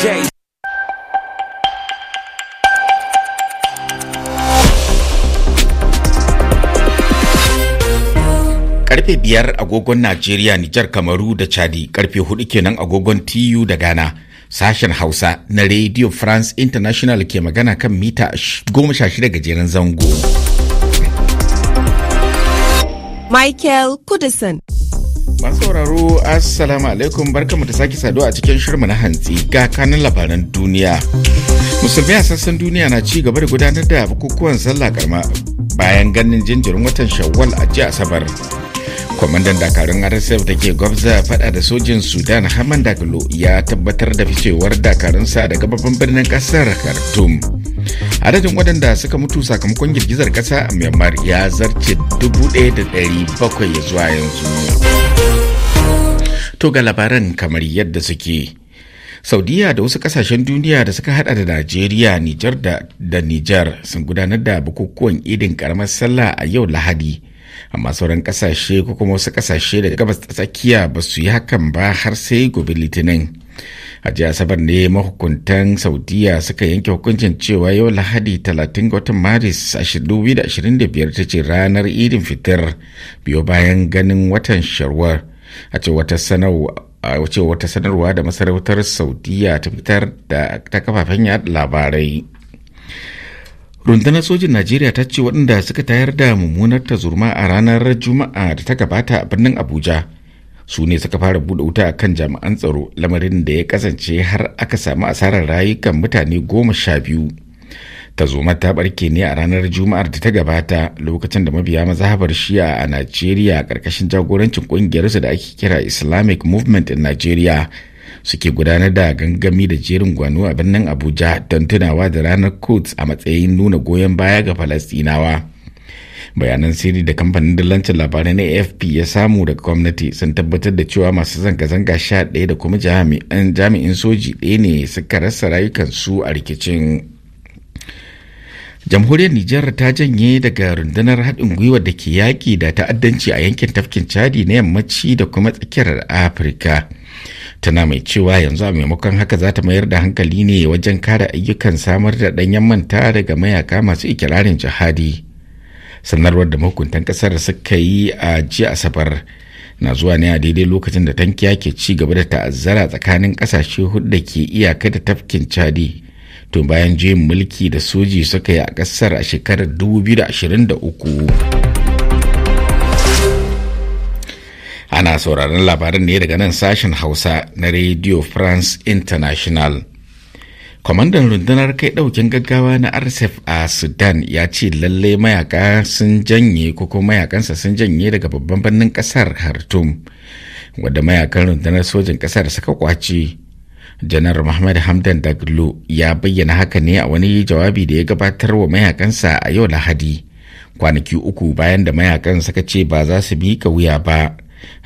Karfe biyar agogon Najeriya, Nijar, Kamaru da Chadi, karfe hudu kenan agogon TU da Ghana. Sashen Hausa na Radio France International ke magana kan mita goma sha shida gajeren zango. Michael Kudison Masu sauraro Assalamu alaikum barkamu da sake saduwa a cikin shirma na hantsi ga kanin labaran duniya. Musulmi a sassan duniya na ci gaba da gudanar da bukukuwan sallah karma bayan ganin jinjirin watan Shawwal a jiya Asabar. Kwamandan dakarun RSF da ke gwabza fada da sojin Sudan Haman Daglo ya tabbatar da ficewar dakarunsa daga babban birnin kasar Khartoum. adadin waɗanda suka mutu sakamakon girgizar ƙasa a myanmar ya zarce 1,700 ya zuwa yanzu To ga labaran kamar yadda suke. Saudiya da wasu kasashen duniya da suka hada da Najeriya, Nijar da Nijar sun gudanar da bukukuwan idin karamar sallah a yau Lahadi. Amma sauran kasashe ko kuma wasu kasashe daga gabas ta tsakiya ba su yi hakan ba har sai gobe Litinin. a jiya asabar ne mahukuntan saudiya suka yanke hukuncin cewa yau lahadi 30 watan maris 2025 ta ce ranar idin fitar biyo bayan ganin watan sharwar a ce wata sanarwa da masarautar saudiya ta fitar da ta kafafen yaɗa labarai rundunar sojin najeriya ta ce waɗanda suka tayar da mummunar zurma a ranar juma'a da ta gabata a birnin abuja su ne suka fara buɗe wuta a kan jami'an tsaro lamarin da ya kasance har aka samu asarar rayukan mutane goma sha biyu zo ta barke ne a ranar juma'ar da ta gabata lokacin da mabiya mazhabar shi'a a najeriya karkashin jagorancin ƙungiyarsu da ake kira islamic movement in nigeria suke gudanar da gangami da jerin gwano a birnin abuja don tunawa da ranar quds a matsayin nuna goyon baya ga falastinawa bayanan sirri da kamfanin dillancin labarai na afp ya samu daga gwamnati sun tabbatar da cewa masu zanga-zanga sha ɗaya da kuma jami'in soji ɗaya ne suka rasa rayukansu a rikicin jamhuriyar nijar ta janye daga rundunar haɗin gwiwar da ke yaƙi da ta'addanci a yankin tafkin chadi na yammaci da kuma tsakiyar afirka tana mai cewa yanzu a maimakon haka za ta mayar da hankali ne wajen kare ayyukan samar da ɗanyen manta daga mayaka masu ikirarin jihadi sanarwar da mahukuntan ƙasar suka yi a jiya asabar na zuwa ne a daidai lokacin da tankiya ke ci gaba da ta'azzara tsakanin ƙasashe hudu da ke iyaka da tafkin chadi tun bayan juyin mulki da soji suka yi a kasar a shekarar 2023 ana sauraron labarin ne daga nan sashen hausa na radio france international kwamandan rundunar kai daukin gaggawa na rsf a sudan ya ce lallai mayaka sun janye ko kuma mayakansa sun janye daga babban birnin kasar hartum wadda mayakan rundunar sojin kasar suka kwace janar muhammad hamdan daglo ya bayyana haka ne a wani jawabi da ya gabatar wa mayakansa a yau lahadi kwanaki uku bayan da mayakan suka ce ba za su bi ka wuya ba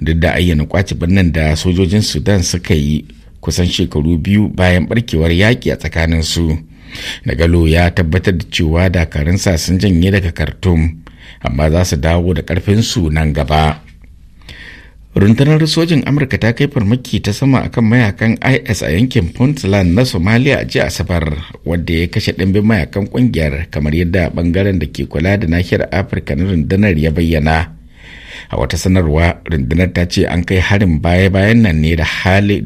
duk da ayyana kwaci birnin da sojojin sudan suka yi kusan shekaru biyu bayan barkewar yaƙi a tsakanin su dagalo ya tabbatar da cewa dakarunsa sun janye daga khartoum amma za su dawo da ƙarfinsu nan gaba rundunar sojin amurka ta kai farmaki ta sama akan mayakan is a yankin puntland na somalia a jiya asabar wadda ya kashe ɗimbin mayakan ƙungiyar kamar yadda ɓangaren da ke kula da nahiyar afirka na rundunar ya bayyana a wata sanarwa rundunar ta ce an kai harin baya-bayan nan ne da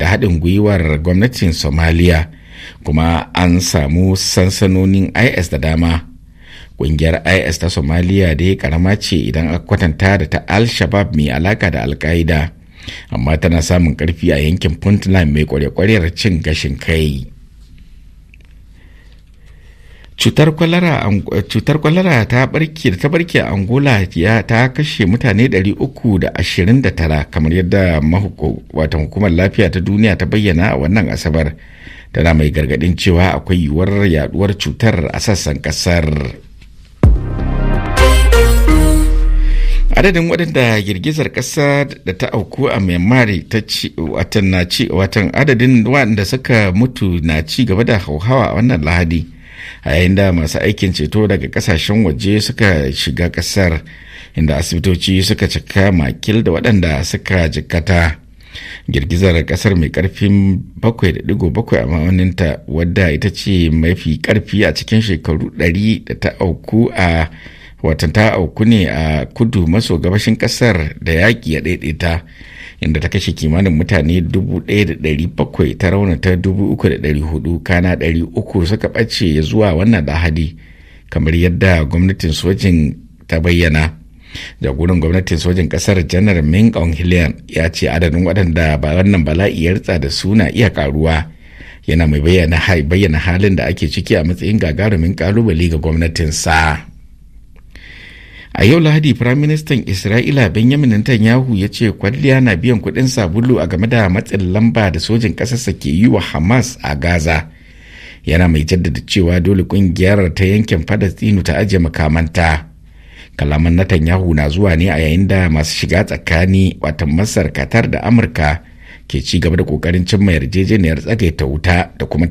haɗin gwiwar gwamnatin somalia kuma an samu sansanonin is da dama Ƙungiyar IS ta Somalia dai karama ce idan aka kwatanta da ta Al-Shabab mai alaka da Al-Qaida, amma tana samun karfi a yankin Puntland mai kwarekwarewar cin gashin kai. cutar kwalara ta barke ta barke a angola ya ta kashe mutane 329 kamar yadda watan hukumar lafiya ta duniya ta bayyana a wannan asabar tana mai gargadin cewa akwai yiwuwar yaduwar cutar a sassan kasar adadin waɗanda girgizar ƙasa da ta auku a myanmar ta ci watan na ci watan adadin waɗanda suka mutu na ci gaba da hauhawa a wannan lahadi a yayin da masu aikin ceto daga ƙasashen waje suka shiga ƙasar inda asibitoci suka cika makil da waɗanda suka jikkata girgizar ƙasar mai ƙarfin 7.7 a ma'auninta wadda ita ce mafi ƙarfi a cikin shekaru 100 da ta auku a watan ta auku ne a kudu maso gabashin kasar da yaƙi ya daidaita inda ta kashe kimanin mutane 1,700 ta raunata 3,400 kana 300 suka ɓace zuwa wannan lahadi kamar yadda gwamnatin sojin ta bayyana jagoran gwamnatin sojin kasar janar ming on ya ce adadin waɗanda wannan bala'i ya ritsa da suna iya karuwa yana mai bayyana halin da ake ciki a matsayin gagarumin kalubale ga gwamnatin sa. a yau lahadi firaministan isra'ila benjamin netanyahu ya ce kwalliya na biyan kudin sabulu a game da matsin lamba da sojin ƙasarsa ke yi wa hamas a gaza yana mai jaddada cewa dole kungiyar ta yankin falastinu ta ajiye makamanta kalaman netanyahu na zuwa ne a yayin da masu shiga tsakani watan masar katar da amurka ke ci gaba da kokarin cimma yarjejeniyar tsagaita wuta da kuma